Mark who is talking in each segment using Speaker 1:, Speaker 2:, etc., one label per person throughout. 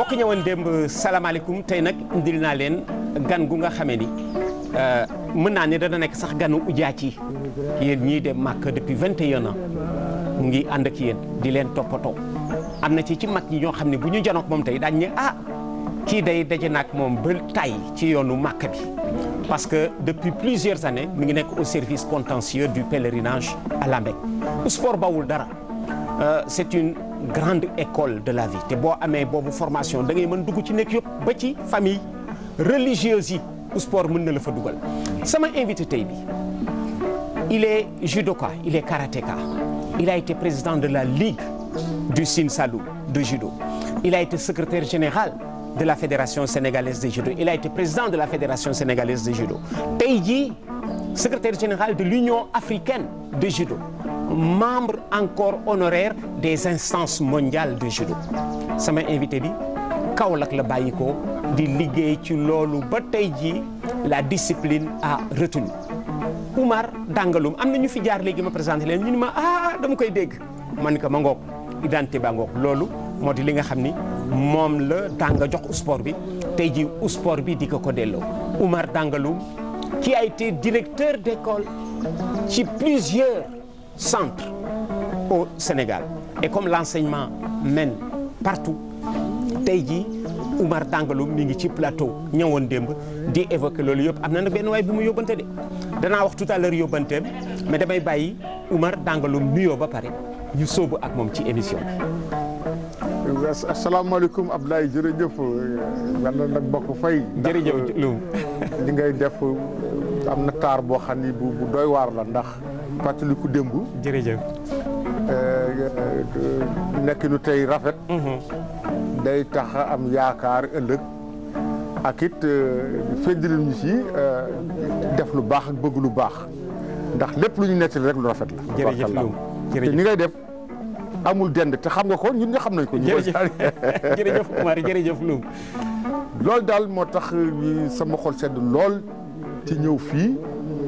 Speaker 1: mbokk
Speaker 2: ñëwoon démb salaamaaleykum tey nag ndi naa leen gan gu nga xamee ni euh, mën naa ne dana nekk sax ganu ujaac yi yéen ñii dem màkk depuis 21 ans mu ngi ànd ak yéen di leen toppatoo am na ci ci mag ñi ñoo xam ne bu ñu janook moom tey daañ ne ah kii day daje naag moom ba tay ci yoonu màkk bi parce que depuis plusieurs années mu ngi nekk au service contentieux du pèlerinage à la Mecque sport bawul dara euh, c'est une grande école de la vie te boo amee boobu formation da ngay mën dugg ci nekk yëpp ba ci famille religieuse yi sport mun na la fa dugal sama invité tey bi il est judoka il est karatéka il a été président de la ligue du Sine Saloum de judo il a été secrétaire général de la fédération sénégalaise de judo il a été de la fédération sénégalaise de judo tey jii secrétaire général de l'union africaine de judo membre encore honoraire des instances mondiales de judo sama invité bi Kaolack la bàyyi ko di liggéey ci loolu ba tey jii la discipline a retenu Oumar Dangalum am na ñu fi jaar léegi ma présenté leen ñu ni ma ah, ah dama koy dégg man ko ma ngoog identité ba ngoog loolu moo di li nga xam ni moom la danga jox sport bi tey ji sport bi di ko ko delloo Oumar Dangalum qui a été directeur d'école ci plusieurs centre au Sénégal et comme l'enseignement mène partout tey jii Oumar Dangalou mi ngi ci plateau ñëwoon démb di évoquer loolu yëpp am na nag benn waay bu mu yóbbante de danaa wax tout à l'heure yóbbanteem damay bàyyi Oumar Dangalou
Speaker 1: nuyoo ba pare ñu sóobu
Speaker 2: ak moom ci émission
Speaker 1: bi. asalaamaaleykum Abdoulaye jërëjëf yàlla nag bokk fay. jërëjëf lu li ngay def am na taar boo xam ni bu doy waar la ndax. fàttaliku démb. jërëjëf. Euh, nekkinu tey rafet. Mhm. day tax am yaakaar ëllëg. ak it euh, feddil ñu ci euh, def lu baax ak bëgg lu baax ndax lépp lu ñu nettali rek lu rafet la. jërëjëf Loum te def amul dend te xam nga ko ñun ñoo xam nañ ko. jërëjëf jërëjëf loolu daal moo tax sama xol sedd lool ci ñëw fii.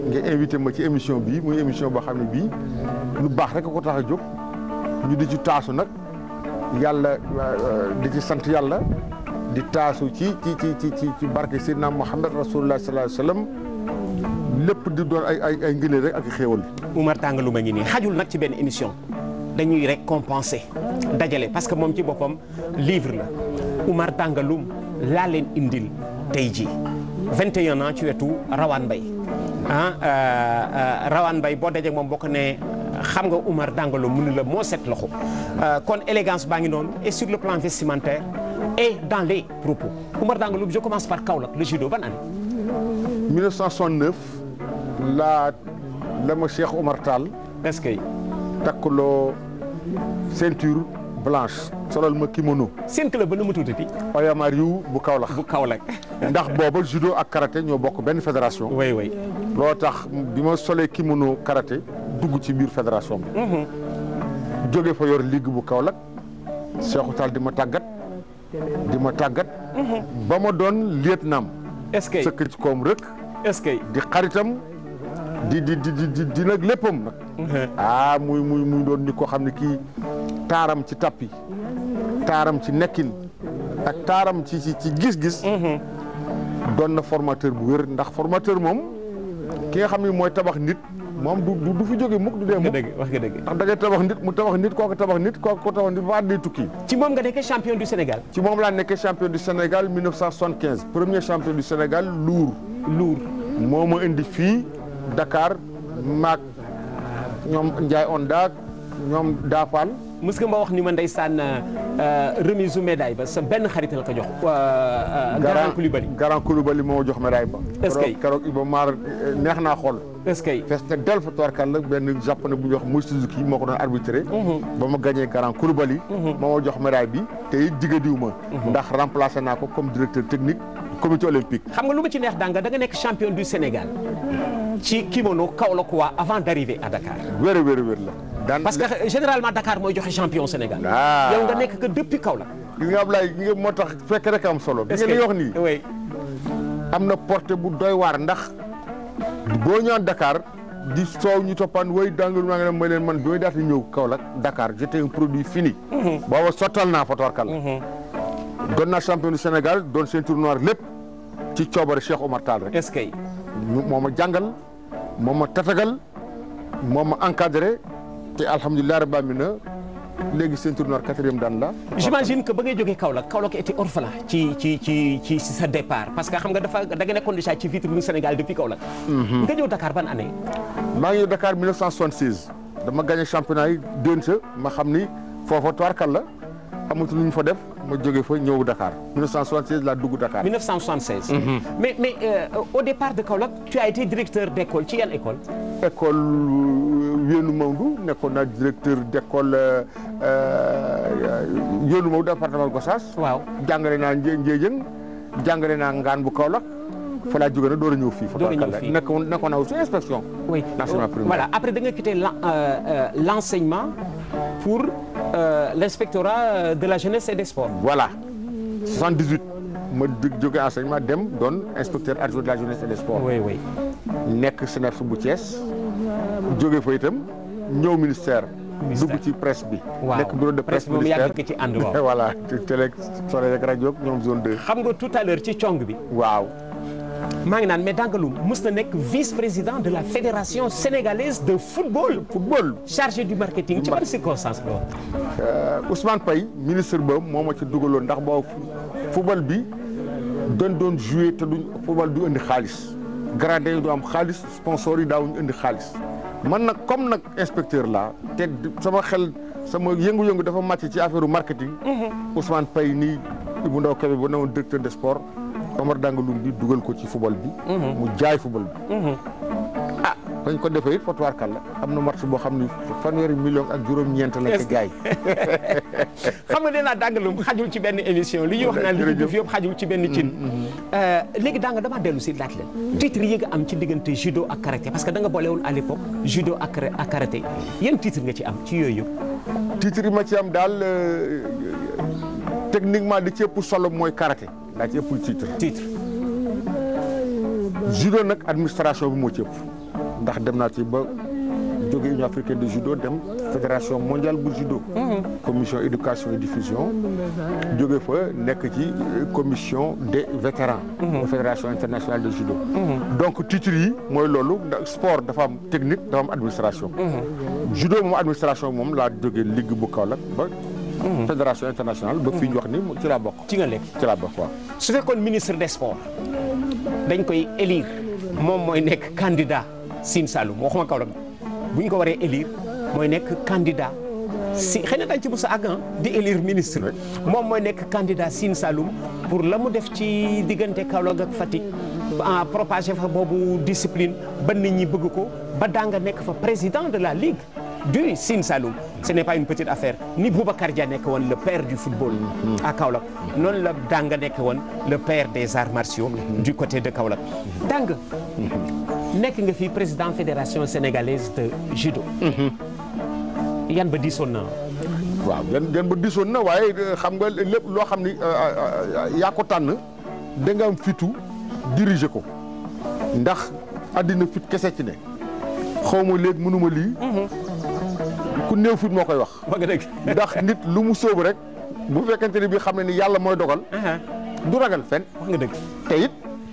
Speaker 1: nga invité ma ci émission bii muy émission boo xam ne bii lu baax rek ko tax a jóg ñu di ci taasu nag yàlla euh, di ci sant yàlla di taasu ci ci ci ci ci barke Seydina Muhammad rasulullah sallallahu alayhi wasallam lépp di doon ay ay ay ngëneel rek ak xéewal. Umar tàngalu ma ngi xajul nag ci
Speaker 2: benn émission dañuy rek récompenser dajale parce que moom ci boppam livre la Umar tàngalum laa indil tey ji 21 ans ci wetu Rawane Mbaye ah euh, euh, rawaan bay boo dajee moom boo ko nee xam nga Umar Dangalo mu ne la moo set loxo euh, kon élégance baa ngi noonu et sur le plan vestimentaire et dans les propos Umar Dangalo je commence par Kaolack le judo ban année.
Speaker 1: 1969 la la ma Cheikh Omar Tall. est-ce que. takkuloo ceinture blanche. solal ma kimono. seen club ba nu mu tuddati. Oyamar yu bu Kaolack bu Kaolack. ndax booba judo ak karaté ñoo bokk benn fédération. way way loo tax bi ma solee kimono karaté dugg ci biir fédération bi. Mhm. jóge fa yor ligue bu Kaolack Cheikhou Tall di ma tàggat di ma tàggat. Mhm. ba ma doon lieutenant. est-ce que sëkk ci koom rek. est-ce que di xaritam. di di di di di nag léppam nag. Mhm. ah muy muy muy doon ni ko xam ne kii taaram ci tappi taaram ci nekkin ak taaram ci gis-gis. doon na formateur bu wér ndax formateur moom ki nga xam ni mooy tabax nit moom du du fi jóge mukk du dee mukk wax nga dëgg ndax da ngay tabax nit mu tabax nit nit kooku ko tabax nit ba day tukki ci moom nga nekkee champion du Sénégal ci moom laa nekkee champion du Sénégal 1975 premier champion du Sénégal Lour Lour moo ma indi fii Dakar maak ñoom Ndiaye Onda ñoom Daafaan mës nga ma wax ni ma ndeysaan euh, remise u médaille ba sa
Speaker 2: benn xarit la ko jox. Euh, Garan
Speaker 1: Coulibaly Garan Coulibaly moo jox médaille ba. est-ce que keroog euh, neex naa xool. benn japonais bu ñuy wax muy Suzuki moo ko doon arbitré mhm. ba ma gagné Garan Coulibaly mhm. moo ma jox médaille bi te it digadiw ma mhm. ndax remplacé naa ko comme directeur technique comité olympique xam nga lu ma ci neex danga da nga nekk champion
Speaker 2: du Sénégal ci kimono Kaolack waa avant d'arriver a Dakar
Speaker 1: wér wér la
Speaker 2: parce que euh, généralement Dakar mooy joxe champion Sénégal. Ah. yow nga
Speaker 1: nekk que depuis Kaolack. gis nga Ablaye moo tax fekk rek am solo. est ce que li nii. am na porte bu doy waar ndax boo ñëwaat Dakar. di soow ñu toppaan way dangalu naa nga ne may leen man bi may daata ñëw Kaolack Dakar j'étais un produit fini mhm. booba sottal naa fa torkal mhm. doon naa champion du Sénégal doon seen tournoi lépp ci coobare Cheikh Omar Tall rek est-ce que moo ma tatagal moo ma encadré te alhamdulilah rabbi amina léegi de tournoi quatrième daan la.
Speaker 2: j'imagine que ba ngay jógee Kaolack Kaolack était orphelin ci sa départ parce que xam nga dafa da nga ci vitrine Sénégal depuis Kaolack. Mhm. nga ñëw
Speaker 1: Dakar ban année. maa ngi Dakar dama gagné championnat yi déwén sa ma xam ni foofa tuwaarkal la amatu lu fa def ma jóge fa ñëw Dakar 1976 laa Dakar.
Speaker 2: Mhm. mais euh, au départ de Kaolack tu directeur d'école ci yan école.
Speaker 1: école. Wélu Maodo nekkoon naa directeur d' école Wélu euh, Maodo département Gossas. waaw jàngale naa Ndiédiène jàngale naa Ngaan bu Kaolack. fa laa jógee nag door a ñëw fii. door a ñëw fii nekkoon nekkoon naa aussi inspection. oui nationale primaire voilà
Speaker 2: après da nga quitté l'
Speaker 1: euh, euh,
Speaker 2: enseignement pour l' inspectorat de la jeunesse et des sports.
Speaker 1: voilà ma jóge enseignement dem doon inspecteur adjoint de la jeunesse et des sports. oui oui. nekk SNEIPS bu Thiès. jóge fa itam ñëw ministère. dugg ci presse bi. waaw nekk bureau de presse moom yàgg ci ànd waaw voilà télé
Speaker 2: sore rajo ñoom zone 2. xam nga tout à l'heure ci cong bi. waaw. maa ngi naan mais Dangalou mës na nekk vice président de la fédération sénégalaise de football. football chargé du
Speaker 1: marketing ci ban circonstance loolu. Euh, Ousmane Paye ministre ba moo ma ci dugaloon ndax boobu football bi doon doon joué te duñ football du indi xaalis. gradin yi du am xaalis sponsor yi daawuñu indi xaalis. man nag comme nag inspecteur la te sama xel sama yëngu-yëngu dafa màcc ci affaire marketing. Mhm. Ousmane Paye nii Ibou Ndaw Kébé ba newoon directeur de sport. Omar Dangalum bi dugal ko ci football bi. Mhm. mu jaay football bi. Mhm. bañ ko defee it Fatouar Kalla am na match boo xam ne fanweeri million ak juróom-ñeent la ci gaay xam nga dinaa dàngalum xajul ci benn émission
Speaker 2: li ñuy wax naan li def yëpp xajul ci benn cin mm-hmm. euh, léegi daa nga damaa dellu si laaj leen mm-hmm. titre yi nga am ci diggante judo ak karaté parce que da nga boolewul à l'époque judo ak karaté yan titre nga ci
Speaker 1: am ci yooyu yëpp titre ma ci am daal euh, techniquement di ci ëpp solo mooy karaté daa ci ëpp titre titre judo nag administration bi moo ci ndax dem naa ci ba jóge union africaine de judo dem fédération mondiale bu judo mhm. commission éducation et diffusion jóge fa nekk ci commission de vétérans mhm. de fédération internationale de judo mhm. donc titre yi mooy loolu sport dafa am technique dafa am administration judo moom administration moom laa jóge ligue bu kaw Kaolack ba fédération internationale ba fii ñu wax ni ci laa bokk ci nga lekk ci laa bokk waaw su fekkoon ministre des sports dañ koy élire
Speaker 2: moom mooy nekk candidat Sine Saloum waxuma Kaolack bu ñu ko waree élire mooy nekk candidat si xëy na ci mos a àgg ah, di élire ministre moom mooy nekk candidat Sine Saloum pour la mu def ci diggante Kaolack ak Fatick en ah, propagé fa boobu discipline ba nit ñi bëgg ko ba daa nekk fa président de la ligue du Sine Saloum ce n'est pas une petite affaire ni Boubacar Dia nekk woon le père du football a mhm. Kaolack noonu la Danga nekk woon le père des arts martiaux mhm. du côté de Kaolack Danga mhm. nekk nga fi président fédération sénégalaise de judo. Mhm.
Speaker 1: yan ba diisoon na. waaw yan ba diisoon na waaye euh, xam nga lépp loo xam ni euh, euh, yaa ko tànn da nga am fitu diriger ko ndax àddina fit kese ci ne xaw ma léegi mënuma lii. Mhm. ku néew fit moo koy wax. ndax nit lu mu sóobu rek bu fekkente ni bii xam ne ni yàlla mooy dogal. du ragal fen wax nga dëgg te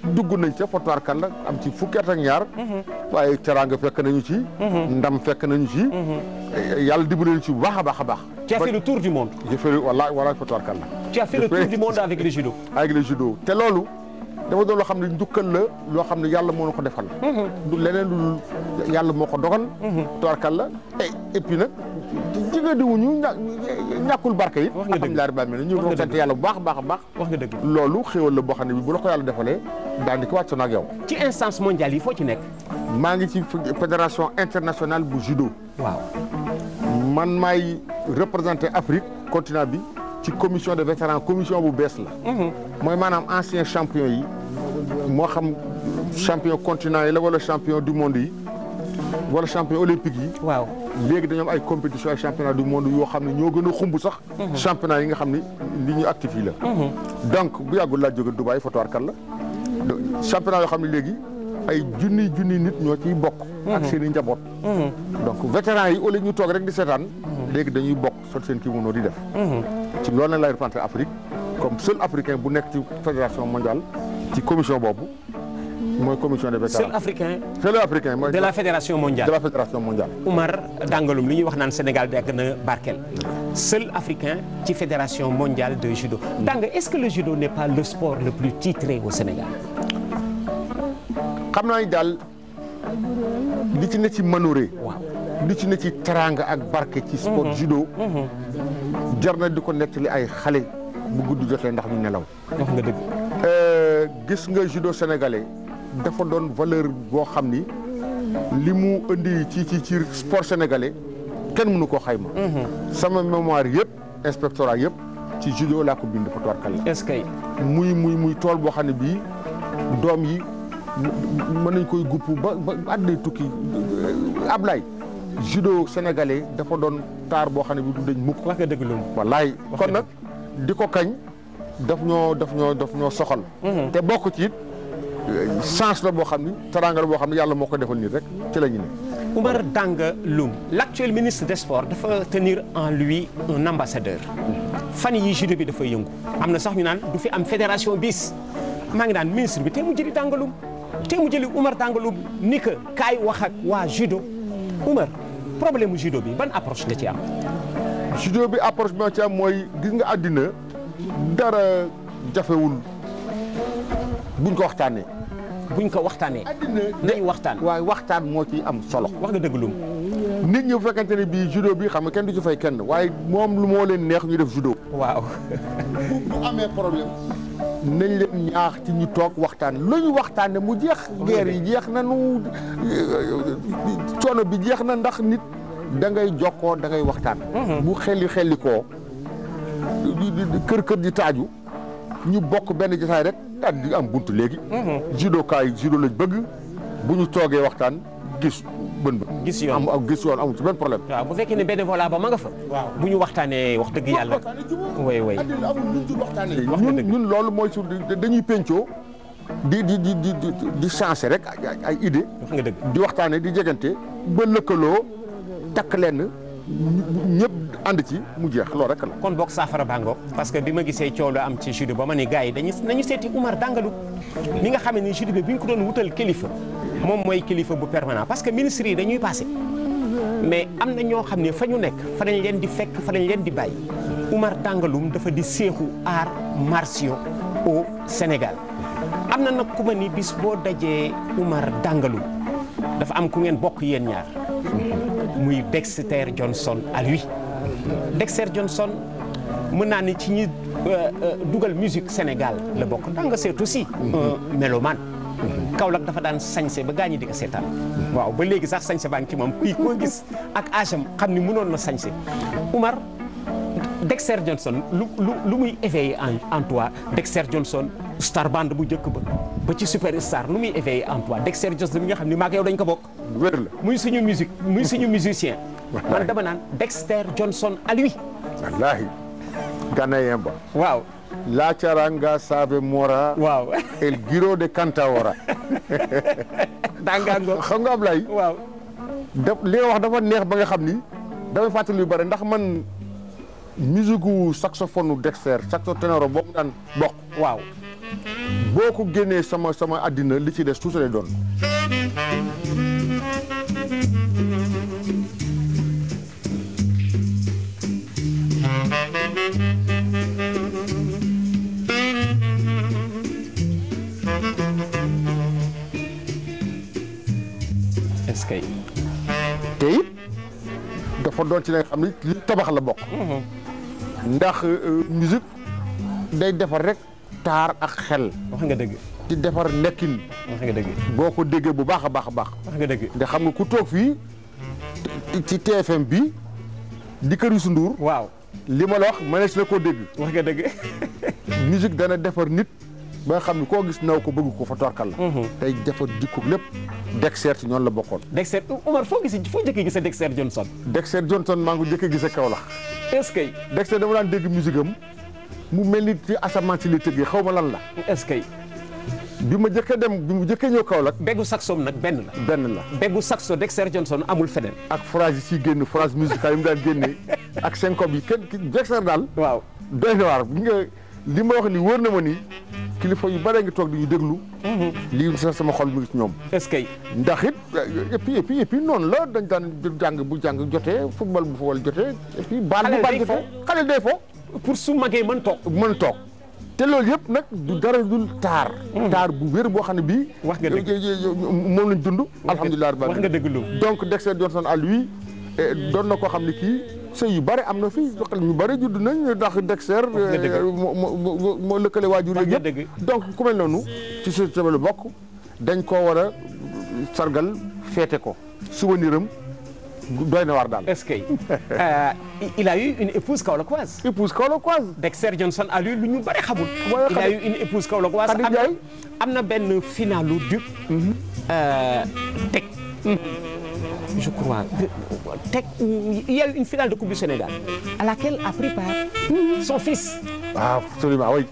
Speaker 1: dugg nañ ca fotoir kan la am ci fukki at ak ñaar mhm. waaye teraanga fekk nañu ci mhm. ndam fekk nañu ci mhm. yàlla dimbali nañu ci bu baax a baax a baax tu a fait le tour du monde j'ai fait wala wala a kan la tu as fait le tour du monde avec le judo avec le xam ne njukkal la loo xam ne yàlla moo na ko defal du leneen lu yàlla moo ko dogal toarkal la et nag jigéen ñàkkul barke yi alhamdulilah rabbil alamin ñu ngi sant yàlla bu baax a baax loolu xéwal la boo xam ne bi bu la ko yàlla defalee daan di ko wàcc ak yow ci instance mondiale yi foo ci nekk maa ngi ci fédération internationale bu judo waaw man may représenté Afrique continent bi ci commission de vétérans commission bu bees la mhm. mooy maanaam ancien champion yi moo xam champion continent yi la wala champion du monde yi wala champion olympique yi léegi dañoo ay compétition ay championnat du monde yoo xam ne ñoo gën a xumb sax. Mhm. championnat yi nga xam ne li ñu actif yi la. Mhm. donc bu yàggul laa jóge Dubaay fotowaar kan la. championnat yoo xam ne léegi ay junni junni nit ñoo ciy bokk. Mhm. ak seen i njaboot. donc vétéran yi au lieu ñu toog rek di seetaan. léegi dañuy bokk sol seen kimono di def. ci loolu nag lay représenté Afrique comme seul africain bu nekk ci fédération mondiale ci commission boobu. mooy commission de vétérans seul africain. seul africain mooy de la fédération mondiale de la fédération mondiale. Umar Dangalum li ñuy wax naan
Speaker 2: Sénégal dagg na barkel seul africain ci fédération mondiale de judo. Danga est-ce
Speaker 1: que le judo n'est pas le sport le plus titré au Sénégal. xam naa ni daal li ci ne ci manoore. waaw ci ne ci teraanga ak barke. ci sport mhm. judo. Mhm. jar na di ko ay xale bu gudd jotee ndax ñu nelaw. wax nga dëgg. Euh, gis nga judo sénégalais. dafa doon valeur boo xam ni li mu indi ci ci ci sport sénégalais kenn mënu ko xayma. Mhm. sama mémoire yëpp inspectorat yëpp ci judo laa ko bind fa tubarkalla. est-ce que muy muy muy tool boo xam ne bii doom yi mën nañ koy gupp ba ba at day tukki Ablaye. judo sénégalais dafa doon taar boo xam ne bi du dañ mukk. wax nga dëgg loolu. wallaay kon nag di ko kañ daf ñoo daf ñoo daf ñoo soxal. Mhm. te bokk ci it. chance la boo xam ni teraanga la boo xam ne yàlla moo ko defal nii rek ci la ñu ne. Oumar Danga l'actuel ministre des sports
Speaker 2: dafa tenir en lui un ambassadeur. fan yi judo bi dafa yëngu. am na sax ñu naan du fi am fédération bis maa ngi naan ministre bi te mu jëli Danga Loum te mu jëli Oumar Danga
Speaker 1: Loum ni que kaay wax ak waa judo Oumar problème mu judo bi ban approche nga ci am. judo bi approche bi ci am mooy gis nga àddina dara jafewul. buñ ko waxtaanee. buñ ko waxtaanee. waxtaan waaye waxtaan moo ci am solo. wax nga dëgg lum. nit ñi bu fekkente ne bii judo bi xam nga kenn du ci fay kenn waaye moom lu moo leen neex ñu def judo. waaw. bu amee problème. nañ leen ñaax ci ñu toog waxtaan lu ñu waxtaanee mu jeex. guerre yi jeex na nu coono bi jeex na ndax nit da ngay jokkoo da ngay waxtaan. Mhm. bu xelli xelli koo kër kër di taaju ñu bokk benn jotaay rek. daal di am buntu léegi. judo kaay judo lañ bëgg bu ñu toogee waxtaan gis. bën bën gis yoon am gis yoon amul ci benn problème. bu fekkee ne
Speaker 2: bénévolat ba ma nga fa. waaw bu ñu
Speaker 1: waxtaanee wax dëgg yàlla. way way ñun ñun loolu mooy su dañuy pencoo di di di di di changé rek ay idée. di waxtaanee di jegante ba lëkkaloo takk lenn. ñëpp ànd ci mu jeex loolu rek la. kon boog saafara bàngoog parce que bi ma gisee coow lu am ci judo
Speaker 2: ba ma ni gars yi dañu nañu seeti Umar Dangalou mi nga xam ne ni judo bi ñu ko doon wutal kilifa moom mooy kilifa bu permanent parce que ministre dañuy passé mais am na ñoo xam ne fa ñu nekk fa lañ leen di fekk fa lañ leen di bàyyi Umar Dangalum dafa di seexu arts martiaux au Sénégal am na nag ku ma ni bis boo dajee Umar Dangalum dafa am ku ngeen bokk yéen ñaar. muy Dexter Johnson à lui Dexter Johnson mën naa ni ci ñi euh, euh, dugal musique Sénégal la bokk da nga si aussi un mélomane dafa daan sañse ba gaañi di ko seetaan waaw ba léegi sax sañse baa ngi ci moom kii koo gis ak âge xam ni mënoon na sañse Umar Dexter Johnson lu lu lu muy éveillé en en toi Dexter Johnson star band bu njëkk ba ba ci superstar lu muy éveillé en toi Dexter Johnson mi nga xam ne maak dañ ko bokk. wér la muy suñu musique muy suñu musicien. man dama naan
Speaker 1: Dexter Johnson à lui. wallaahi. ghanéen ba. waaw. La charanga sabe mora. waaw el giro de Kantawara. dangango xam nga Ablaye. waaw da li nga wax dafa neex ba nga xam ni. damay fàttali lu bari ndax man. musique saxophone Dexter saxoténor boo mu daan bokk waaw boo ko génnee sama sama àddina li ci des tuuti lay doon est-ce dafa doon ci la nga xam ni li tabax la bokk. Mm-hmm. ndax euh, musique day defar rek taar ak xel. wax nga dëgg. di defar nekkin. wax nga dëgg. boo ko déggee bu baax a baax a baax. wax nga dëgg te xam nga ku toog fii ci TFM bi di kër Youssou waaw li ma la wax mënees na koo dégg. wax nga dëgg. musique dana defar nit. ba xam ne koo gis naw ko bëgg ko fa torkal la mhm. tey dafa jikko lépp Dexter ci ñoon la bokkoon Dexter Omar foo gis foo jëkkee gis a Dexter Johnson Dexter Johnson maa ngi jëkkee gis a Kaolack est-ce Dexter dama daan dégg musique am mu mel ni ci asamaan si li tëggee xaw ma lan la. est-ce bi ma jëkkee dem bi mu jëkkee ñëw Kaolack. beggu saxoom nag benn la. benn la beggu saxo Dexter Johnson amul feneen. ak phrase yi ciy génn phrase musicale yi mu daan génne ak syncope yi kenn Dexter daal. waaw doy na waar li ma wax ni wóor na ma ni kilifa yu bare ngi toog di ñu déglu. Mhm. lii sax sama xol mi ngi ñoom. est-ce que. ndax it et puis et puis et puis noonu la dañ daan jàng bu jàng jotee football bu football jotee. et puis baal bu baal jotee xale day fo pour su magee mën toog. man toog te loolu yëpp nag du dara dul taar. Mhm. taar bu wér boo xam ne bii. wax nga dëgg moom lañ dund. alhamdulilah rabbil alamin wax nga dëgg donc Dexter Johnson à lui doon na koo xam ne kii. sëy yu bëri am na fi ñu bëri judd nañ ndax Dexter euh, moo moo lëkkale waajur yeeg yëpp donc ku noonu ci société bokk dañ ko war a sargal féete ko souveniram doy na war daal. est-ce
Speaker 2: euh, il a eu une épouse kaolackoise. épouse kaolackoise. Dexter Johnson a lu ñu bëri xamul. il a eu une épouse kaolackoise. am na benn finalu duc. Mhm. Euh, je crois, il y a eu une finale de Coupe du Sénégal à laquelle a pris part son fils. Ah, absolument, oui.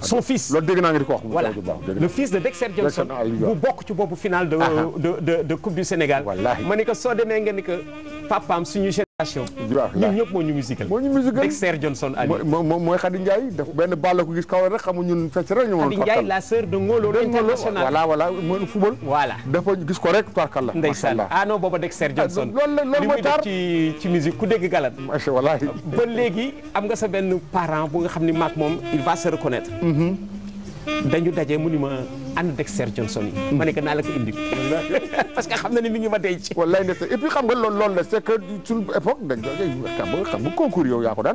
Speaker 2: son fils loolu dégg naa nga di ko wax. voilà le fils de Dexter Johnson bu bokk ci boobu finale ah, ah. de de de Coupe du Sénégal. wallaahi ma ni soo demee nga ni su papaam suñu. ñun
Speaker 1: ñëpp moo ñu musical moo ñu musical Dexter Johnson Ali mooy Khady Ndiaye daf benn bàll ko gis kaw rek xamu ñun fecc rek ñu Khady Ndiaye la
Speaker 2: sœur de Ngolo international voilà voilà
Speaker 1: mooy football voilà dafa
Speaker 2: gis ko rek tarkal ah, ah, la ndeysaan ah Dexter Johnson loolu loolu mooy ci ci ku dégg galat wallaahi léegi am nga sa parent bu nga xam ni maak moom il va se reconnaître mm-hmm. dañu daje mu ni ma ànd Dexter Johnson yi. ma ne ko naa la ko indi.
Speaker 1: parce que xam na ne mu ngi ma denc. wallaay ndeysaan et puis xam ko daan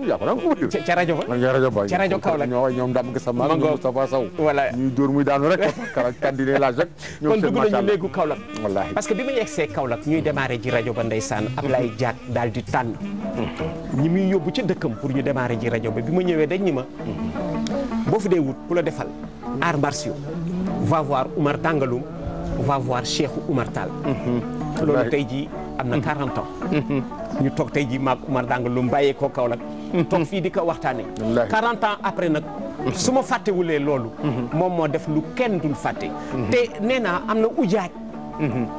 Speaker 1: yaa ca rajo ba ca rajo ba ca rajo Kaolack ñoo muy daanu rek. la rek. ñoom seen kon dugg nañu léegi
Speaker 2: Kaolack. wallaahi parce que bi ma yegsee Kaolack ñuy démarré ji rajo ba ndeysaan Ablaye Diak daal di tànn. ñi muy yóbbu ca dëkkam pour ñu demaare ji rajo ba bi ma ñëwee dañ ñi ma mm-hmm. boo fi dee wut ku la defal arts martiaux. on va voir Oumar Tangaloum on va voir Cheikh Oumar Tall. Mhm. loolu tey jii am na 40 mhm. ans. Mhm. ñu toog tey jii maag Oumar Tangaloum bàyyee ko Kaolack. toog fii di ko waxtaanee. 40 ans après nag. su ma fàttewulee loolu. moom moo def lu kenn dul fàtte. te nee naa am na ujaaj.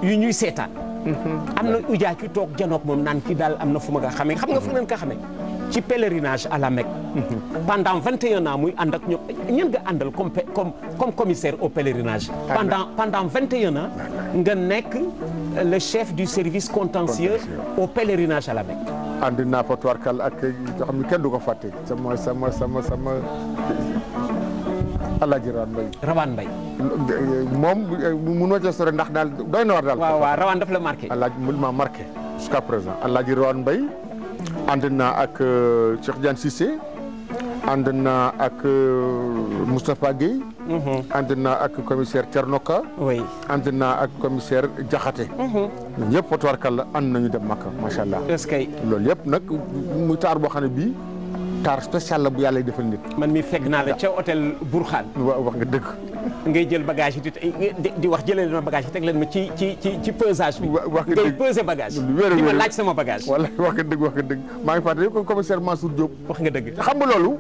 Speaker 2: yu ñuy seetaan. am na ujaaj yu toog janoog moom naan kii daal am na fu ma nga xamee xam nga fu ngeen ko xamee. ci pèlerinage à la Mecque. pendant 21 ans muy ànd ak ñoom ñan nga àndal comme comme comme commissaire au pèlerinage. Ah, pendant pendant 21 na nga nekk
Speaker 1: euh, le chef du service contentieux au pèlerinage à la Mecque. ànd naa ak yoo xam ne kenn du ko fàtte. sama sama sama sama. Alaaji Rawaan Mbaye. Rawaan Mbaye. moom euh, mënoo ca daal doy na war daal. waaw waaw Rawaan daf la marqué. Alaaji jusqu'à présent Alaaji Rawaan Mbaye. ànd naa ak euh, Cheikh Diane Cissé ànd naa ak euh, Moustapha Guèye. Mhm. ànd na ak commissaire Thierno Ka. oui ànd naa ak commissaire Diakhaté. Mhm. ñëpp fa tubarkalla ànd nañu dem Makka macha allah. est-ce que loolu yëpp nag muy taar boo xam bii. taar spécial la bu yàlla defal nit. man mi fekk naa la ca hôtel
Speaker 2: Bourkhane. wax nga dëgg. ngay jël bagage yi di di wax jëlee leen ma bagage yi teg leen ma ci ci
Speaker 1: ci ci pesage bi. wax nga dëgg ngay peser bagage. wéer ma laaj sama bagage. wala wax nga dëgg wax nga dëgg maa ngi fàttali ko commissaire Mansour Diop. wax nga dëgg xam nga loolu.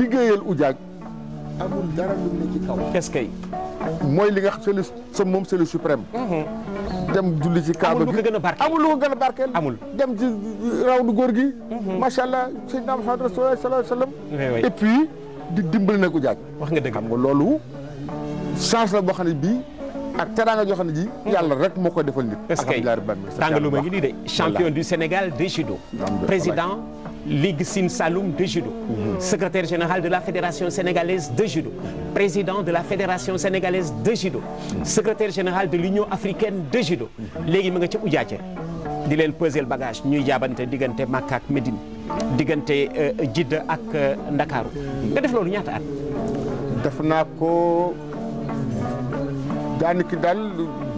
Speaker 1: liggéeyal ujaag. amul dara lu ne ci kaw. est-ce que. mooy li nga xam c'est sa moom c'est le dem julli ci kaaba gi amul lu ko gën a barkeel amul dem ji rawdu góor gi mhm. macha allah sayyidina Muhammad rasulullah sallallahu alayhi wasallam et puis di dimbali na ko jaaj wax nga dëgg xam nga loolu chance la boo xam bi bii ak teraanga joo xam ne ji mhm. yàlla rek moo koy defal nit alhamdulilah rabbil alamin tàngaluma ngi nii de champion du Sénégal de judo président
Speaker 2: Ligue Sine Saloum de judo. Mmh. Secrétaire général de la Fédération sénégalaise de judo. Président de la Fédération sénégalaise de judo. Secrétaire général de l'Union africaine de judo. léegi ma nga ca Oudiathia di leen peser bagage ñuy jaabante diggante Makka ak Médine diggante euh, Jidda ak euh, Ndakaaru nga def loolu ñaata at.
Speaker 1: def naa ko daanaka daal.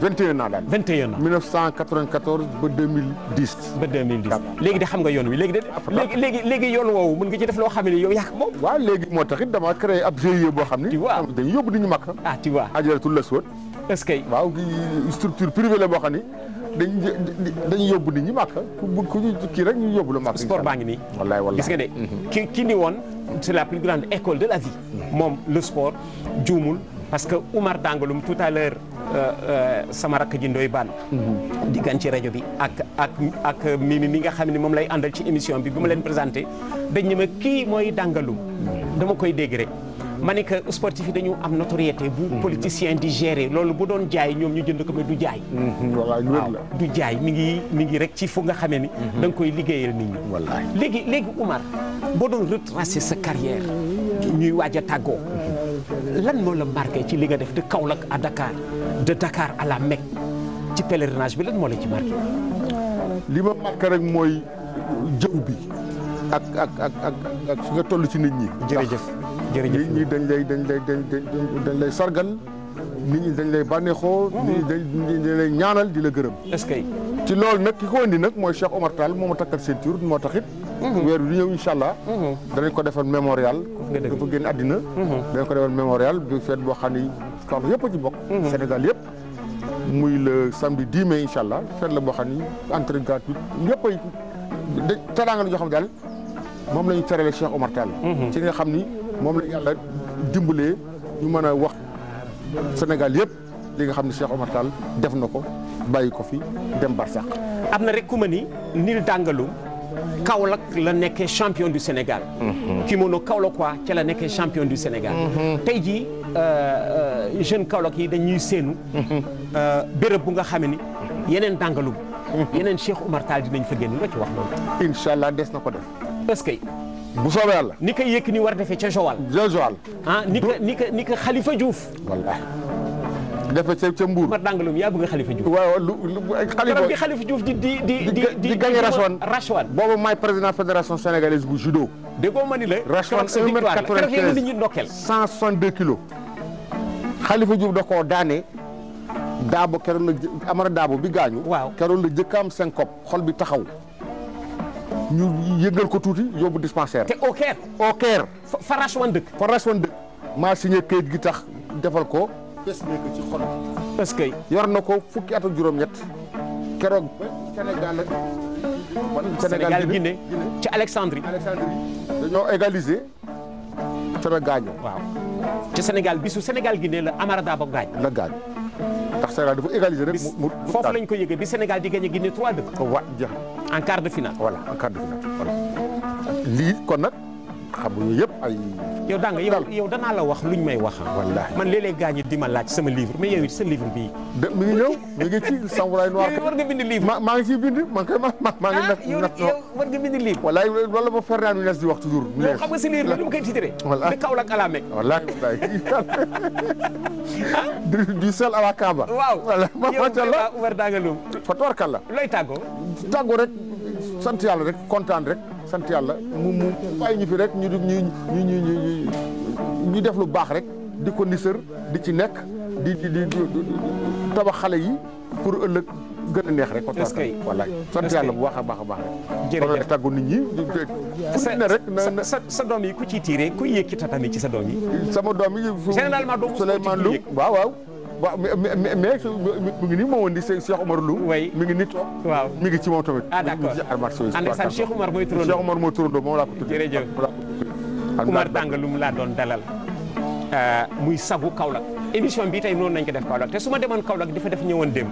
Speaker 1: 21 ans daal 21 ans 1994 ba 2010. ba 2010 léegi de xam nga yoon wi léegi de. Ah, léegi léegi yoon woowu mën nga ci def loo xam ne yow yaa moom. waaw léegi moo tax boo xam ni. tu dañuy yóbbu nit ñi mag. ah tu vois Adjaratul Aswad. est-ce que. waaw structure privée la boo xam ni. dañuy dañuy yóbbu ñi màkk ku ku ñu kii rek ñu yóbbu la màkk. sport baa ngi nii. wallaay wallaay gis nga de. Mhm. ki ki ni woon c'est la plus grande école de la vie. Mhm. moom
Speaker 2: le sport juumul parce que Oumar Dangalum tout à l'heure euh, euh, sama rakk ji Ndoye
Speaker 1: mm-hmm.
Speaker 2: ci rajo bi ak ak ak mimi mi nga xam ne moom lay àndal ci émission bi bi ma leen présenté dañ ne ma kii mooy Dangalum mm-hmm. dama koy dégg rek ne que sportif yi dañu am notoriété bu mm-hmm. politicien di gérer loolu bu doon jaay ñoom ñu jënd ko mais du jaay waaw du jaay mi ngi mi ngi rek ci fu nga xamee ni da nga koy liggéeyal nit ñi léegi léegi Oumar boo doon retracer sa carrière ñuy waaj a lan moo la marqué ci li nga def de Kaolack à Dakar de Dakar à la Mecque
Speaker 1: ci pèlerinage bi lan moo la ci marqué. li ma marqué rek mooy jëw bi ak ak ak ak ak nga toll ci nit ñi. jërëjëf jërëjëf nit ñi dañ lay dañ lay dañ dañ lay sargal. nit ñi dañ lay bànneexoo. nit ñi dañ lay ñaanal di la gërëm. est-ce que ci loolu nag ki ko indi mooy Cheikh Omar Tall moo ma takkal ceinture moo mhm. mhm. ko defal mémorial. dafa génn àddina. Mhm. danañ ko a ci bokk. Sénégal yëpp. muy le samedi 10 mai incha allah feet la boo xam ni entrée gratuite ñëpp ay teraanga la joo xam moom la ñu terale Cheikh Omar Tall. ci nga xam ni moom la yàlla dimbalee ñu mën a wax. Sénégal yëpp li nga xam ne Cheikh Omar def na ko bàyyi ko fi dem Barsàq. am na rek ku ma ni Nil Dangalum
Speaker 2: Kaolack la nekkee champion du Sénégal. Mhm. kimono kaolackois ca la nekkee champion du Sénégal. Mhm. tey jii euh, euh, jeune Kaolack yi dañuy séenu. Mhm. Euh, béréb bu nga xam ni yeneen Dangalum. yeneen Cheikh Omar Tall dinañ fa génn loo ci wax noonu. incha allah des na ko def. parce bu soobee yàlla. ni ko Yékini war defee ca Joal. ca Joal. ah ni ko ni ko ni ko Khalifa Diouf. wallaahi. dafa ca ca Mbour. ma dàngalum yaa bëgg Khalifa Diouf.
Speaker 1: waaw lu di di di di di di gagne Rachwan. Rachwan boobu maay président fédération sénégalaise bu judo. déggoo ma ni la. Rachwan 1 mètre 95 nit ñi ndokkeel. 162 kilos. Khalifa Diouf da daane. daabo keroon la bi gaañu. waaw keroon la jëkkaam seen kopp xol bi taxaw. ñu yëngal ko tuuti yóbbu dispensaire. te au Caire. au Caire. Farache wan dëkk. Farache wan dëkk. maa signé kayit gi tax defal ko. bés nekk ci xol. parce que yor na ko fukki at ak juróom-ñett keroog ba Sénégal ak. ci Alexandrie. Alexandrie dañoo égaliser ca la gaañoo. waaw
Speaker 2: ci Sénégal bisu Sénégal Guinée la Amara Dabo gaañ. la gaañ. ndax Sénégal dafa égaliser rek. mu mu foofu lañ ko yëgee bi Sénégal di gagné Guinée 3-2. wa jeex en quart de finale. voilà en quart de finale lii kon xam nga yooyu yëpp ay. yow da nga yow yow danaa la wax luñ may wax. wallaahi man léeg-léeg gars ñi ma laaj sama livre mais yow it sa livre bii. de mi ngi ñëw mi ngi
Speaker 1: ci Samouraï Noir. war nga bind livre ma maa ngi kay ma maa ngi. Ah, nat yow war nga bind livre. wallaahi loolu la wax toujours. mu xam nga si livre bi lu mu koy titré. wallaahi de Kaolack à la Mecque. wallaahi wallaahi. Ah? du sel à la Kaaba. waaw yow vraiment war naa nga loolu. fa toor kàlla. looy tàggoo. tàggoo rek sant yàlla rek kontaan rek sant yàlla mu mu bàyyi ñu fi rek ñu ñu ñu ñu ñu def lu baax rek di ko nisër di ci nekk di di di tabax xale yi pour ëllëg gën a neex rek. est-ce que wallaay sant yàlla bu baax a baax a baax rek. jërëjëf tàggu nit ñi. fu ne rek na sa sa doom yi ku ciy tiiree ku yëkkita tamit ci sa doom yi. sama doom yi. généralement doomu Souleymane Lou waaw mais mais mi ngi nii moo woon mi ngi nii toog. mi ngi ci moom tamit. ah d'accord ànd ak sax Cheikh Omar mooy turandoo Cheikh Omar mooy turandoo moom laa ko tudd. jërëjëf Omar Danga Loum laa doon dalal.
Speaker 2: Euh, muy sagu Kaolack émission bi tey noonu nañ ko def Kaolack te suma ma demoon Kaolack dafa def ñëwoon démb.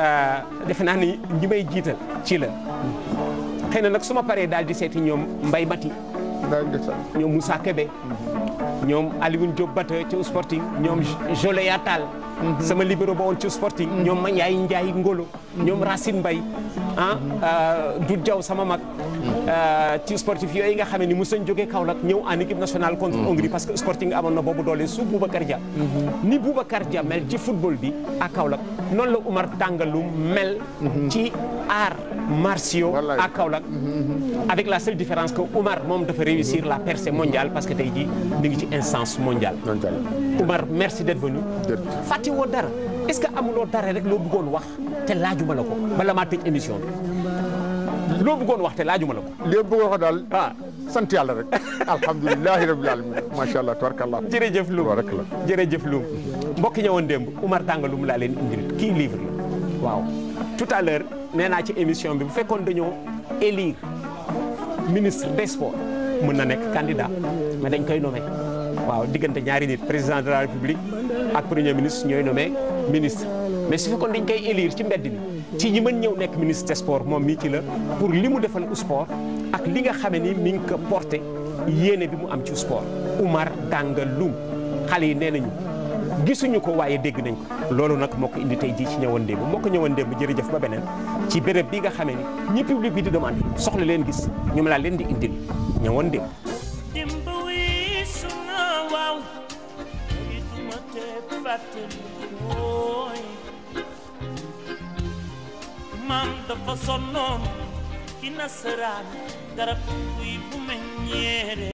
Speaker 2: Euh, defe naa ni ñi may jiital ci la. xëy na nag su ma paree daal di seeti ñoom Mbaye Mati. ñoom Moussa Kébé. ñoom Alioune Diop Bata ca Sporting ñoom Joléa Tall sama libéro ba woon ci sporting ñoom ma yaay Njaay Ngolo ñoom Racine Mbaye ah euh, du jaw sama mag euh, ci sportif yooyu nga xam ne ni mu sañ jógee Kaolack ñëw en équipe nationale contre mhm. Hongrie parce que sporting amoon na boobu doole su Boubacar Dia
Speaker 1: mhm.
Speaker 2: ni Boubacar Dia mel ci football bi a Kaolack noonu la Oumar Dangalou mel mhm. ci arts martiaux à Kaolack avec la seule différence que Oumar moom dafa réussir la percée mondiale parce que tey ji mi ngi ci instance mondiale Oumar merci d'être venu woo dara est-ce que amuloo dara rek loo
Speaker 1: bëggoon wax te laajuma la ko bala maa tëj émission bi loo bëggoon wax te laajuma la ko lépp bëggoon ko daal ah sant yàlla rek alhamdulilahi rabbil alamin macha allah tabarakallah jërëjëf Loum jërëjëf Loum mbokki ñëwoon démb Oumar Tàngalum laa leen indil kii livre
Speaker 2: la waaw tout à l'heure nee naa ci émission bi bu fekkoon dañoo élire ministre des sports mën na nekk candidat mais dañ koy nommer waaw diggante ñaari nit président de la république ak premier ministre ñooy nommé ministre mais su fekkoon dañ koy élire ci mbedd bi ci ñi mën ñëw nekk ministre des sports moom mii ci la pour li mu defal sport ak li nga xame ni mi ngi ko porté yéene bi mu am ci sport Oumar Dangalum xale yi nee nañu gisuñu ko waaye dégg nañ ko loolu nag moo ko indi tey jii ci ñëwoon démb moo ko ñëwoon démb jërëjëf ba beneen ci béréb bi nga xamee ni ñi public bi di demande soxla leen gis ñu laa leen di indil ñëwoon démb
Speaker 1: fàttali mooy maam dafa sonnoon ci nasaraan garab kuy bu meññeere